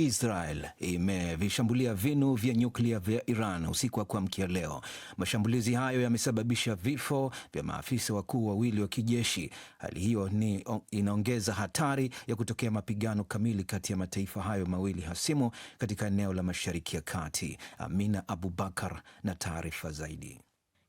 Israel imevishambulia vinu vya nyuklia vya Iran usiku wa kuamkia leo. Mashambulizi hayo yamesababisha vifo vya maafisa wakuu wawili wa kijeshi. Hali hiyo ni inaongeza hatari ya kutokea mapigano kamili kati ya mataifa hayo mawili hasimu katika eneo la Mashariki ya Kati. Amina Abubakar na taarifa zaidi.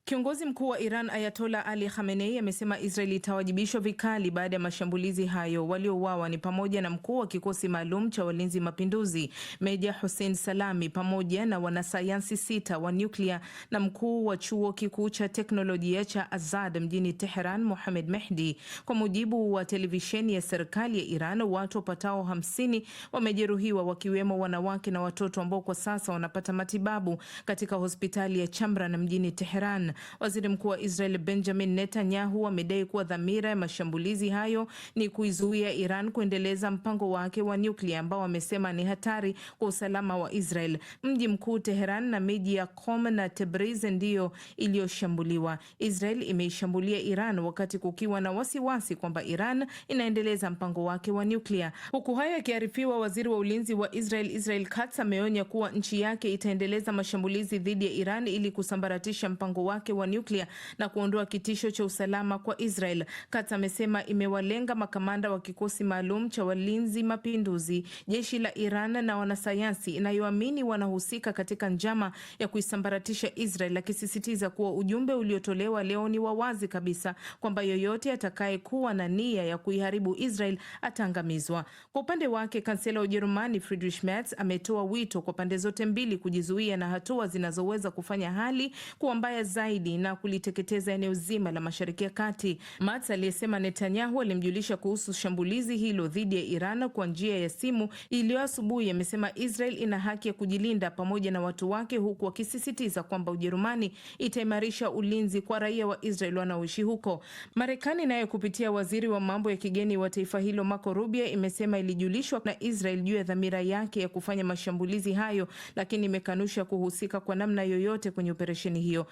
Kiongozi mkuu wa Iran Ayatola Ali Khamenei amesema Israel itawajibishwa vikali baada ya mashambulizi hayo. Waliouawa ni pamoja na mkuu wa kikosi maalum cha walinzi mapinduzi Meja Hussein Salami pamoja na wanasayansi sita wa nyuklia na mkuu wa chuo kikuu cha teknolojia cha Azad mjini Teheran Mohamed Mehdi. Kwa mujibu wa televisheni ya serikali ya Iran, watu wapatao hamsini wamejeruhiwa wakiwemo wanawake na watoto ambao kwa sasa wanapata matibabu katika hospitali ya Chamran mjini Teheran. Waziri mkuu wa Israel Benjamin Netanyahu amedai kuwa dhamira ya mashambulizi hayo ni kuizuia Iran kuendeleza mpango wake wa nyuklia ambao amesema ni hatari kwa usalama wa Israel. Mji mkuu Teheran na miji ya Qom na Tebriz ndiyo iliyoshambuliwa. Israel imeishambulia Iran wakati kukiwa na wasiwasi kwamba Iran inaendeleza mpango wake wa nyuklia. Huku hayo yakiarifiwa, waziri wa ulinzi wa Israel Israel Katz ameonya kuwa nchi yake itaendeleza mashambulizi dhidi ya Iran ili kusambaratisha mpango wake wake wa nyuklia na kuondoa kitisho cha usalama kwa Israel. Kata amesema imewalenga makamanda wa kikosi maalum cha walinzi mapinduzi, jeshi la Iran na wanasayansi inayoamini wanahusika katika njama ya kuisambaratisha Israel, akisisitiza kuwa ujumbe uliotolewa leo ni wa wazi kabisa kwamba yoyote atakayekuwa na nia ya kuiharibu Israel ataangamizwa. Kwa upande wake, kansela wa Ujerumani Friedrich Merz ametoa wito kwa pande zote mbili kujizuia na hatua zinazoweza kufanya hali kuwa mbaya zaidi kigaidi na kuliteketeza eneo zima la Mashariki ya Kati. Mats aliyesema Netanyahu alimjulisha kuhusu shambulizi hilo dhidi ya Iran kwa njia ya simu iliyo asubuhi, amesema Israel ina haki ya kujilinda pamoja na watu wake, huku wakisisitiza kwamba Ujerumani itaimarisha ulinzi kwa raia wa Israel wanaoishi huko. Marekani nayo kupitia waziri wa mambo ya kigeni wa taifa hilo Marco Rubio imesema ilijulishwa na Israel juu ya dhamira yake ya kufanya mashambulizi hayo, lakini imekanusha kuhusika kwa namna yoyote kwenye operesheni hiyo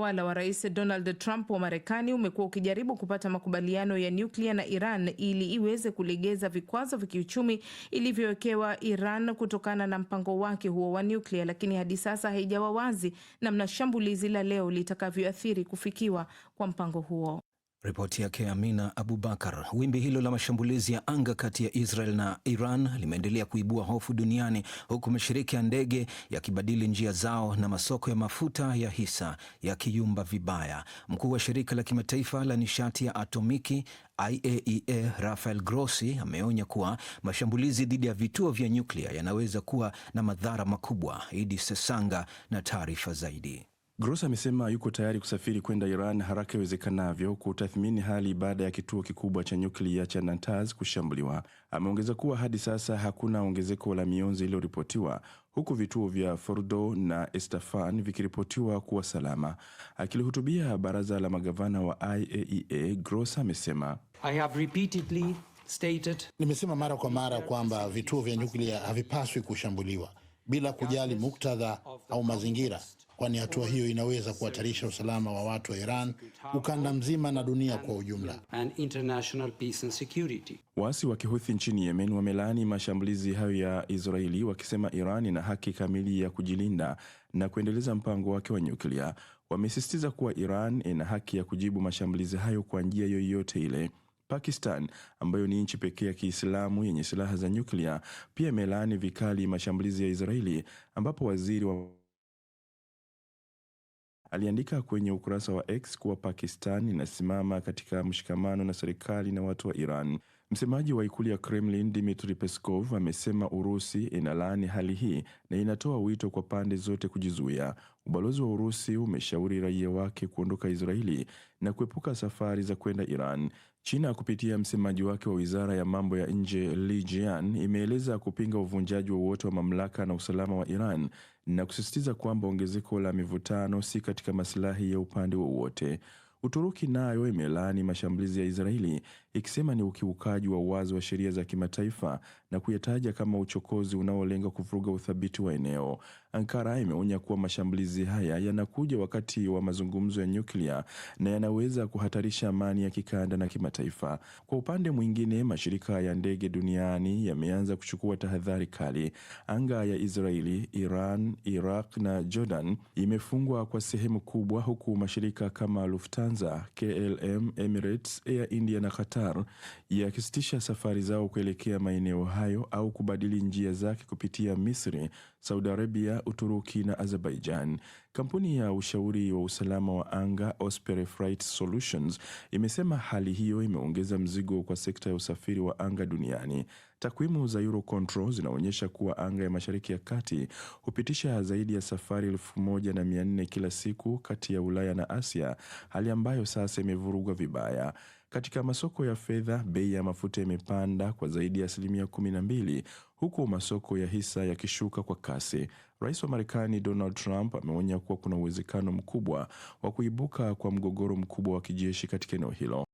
utawala wa Rais Donald Trump wa Marekani umekuwa ukijaribu kupata makubaliano ya nyuklia na Iran ili iweze kulegeza vikwazo vya kiuchumi ilivyowekewa Iran kutokana na mpango wake huo wa nyuklia, lakini hadi sasa haijawa wazi namna shambulizi la leo litakavyoathiri kufikiwa kwa mpango huo. Ripoti yake Amina Abubakar. Wimbi hilo la mashambulizi ya anga kati ya Israel na Iran limeendelea kuibua hofu duniani huku mashirika ya ndege yakibadili njia zao na masoko ya mafuta ya hisa yakiyumba vibaya. Mkuu wa shirika la kimataifa la nishati ya atomiki IAEA e Rafael Grossi ameonya kuwa mashambulizi dhidi ya vituo vya nyuklia yanaweza kuwa na madhara makubwa. Idi Sesanga na taarifa zaidi. Gross amesema yuko tayari kusafiri kwenda Iran haraka iwezekanavyo kutathmini hali baada ya kituo kikubwa cha nyuklia cha Natanz kushambuliwa. Ameongeza kuwa hadi sasa hakuna ongezeko la mionzi iliyoripotiwa huku vituo vya Fordo na Estafan vikiripotiwa kuwa salama. Akilihutubia baraza la magavana wa IAEA, e Gross amesema I have repeatedly stated... nimesema mara kwa mara kwamba vituo vya nyuklia havipaswi kushambuliwa bila kujali muktadha au mazingira kwani hatua hiyo inaweza kuhatarisha usalama wa watu wa Iran, ukanda mzima na dunia kwa ujumla. Waasi wa Kihuthi nchini Yemen wamelaani mashambulizi hayo ya Israeli wakisema Iran ina haki kamili ya kujilinda na kuendeleza mpango wake wa nyuklia. Wamesisitiza kuwa Iran ina haki ya kujibu mashambulizi hayo kwa njia yoyote ile. Pakistan ambayo ni nchi pekee ya Kiislamu yenye silaha za nyuklia pia imelaani vikali mashambulizi ya Israeli ambapo waziri wa aliandika kwenye ukurasa wa X kuwa Pakistan inasimama katika mshikamano na serikali na watu wa Iran Msemaji wa ikulu ya Kremlin Dmitry Peskov amesema Urusi inalaani hali hii na inatoa wito kwa pande zote kujizuia. Ubalozi wa Urusi umeshauri raia wake kuondoka Israeli na kuepuka safari za kwenda Iran. China kupitia msemaji wake wa wizara ya mambo ya nje Li Jian imeeleza kupinga uvunjaji wowote wa, wa mamlaka na usalama wa Iran na kusisitiza kwamba ongezeko la mivutano si katika masilahi ya upande wowote. Uturuki nayo imelaani mashambulizi ya Israeli ikisema ni ukiukaji wa wazi wa sheria za kimataifa na kuyataja kama uchokozi unaolenga kuvuruga uthabiti wa eneo. Ankara imeonya kuwa mashambulizi haya yanakuja wakati wa mazungumzo ya nyuklia na yanaweza kuhatarisha amani ya kikanda na kimataifa. Kwa upande mwingine, mashirika ya ndege duniani yameanza kuchukua tahadhari kali. Anga ya Israeli, Iran, Iraq na Jordan imefungwa kwa sehemu kubwa, huku mashirika kama Lufthansa, KLM, Emirates, Air India na Qatar Qatar yakisitisha safari zao kuelekea maeneo hayo au kubadili njia zake kupitia Misri, Saudi Arabia, Uturuki na Azerbaijan. Kampuni ya ushauri wa usalama wa anga Osprey Flight Solutions imesema hali hiyo imeongeza mzigo kwa sekta ya usafiri wa anga duniani. Takwimu za Eurocontrol zinaonyesha kuwa anga ya Mashariki ya Kati hupitisha zaidi ya safari elfu moja na mia nne kila siku kati ya Ulaya na Asia, hali ambayo sasa imevurugwa vibaya. Katika masoko ya fedha, bei ya mafuta imepanda kwa zaidi ya asilimia kumi na mbili huku masoko ya hisa yakishuka kwa kasi. Rais wa Marekani Donald Trump ameonya kuwa kuna uwezekano mkubwa wa kuibuka kwa mgogoro mkubwa wa kijeshi katika eneo hilo.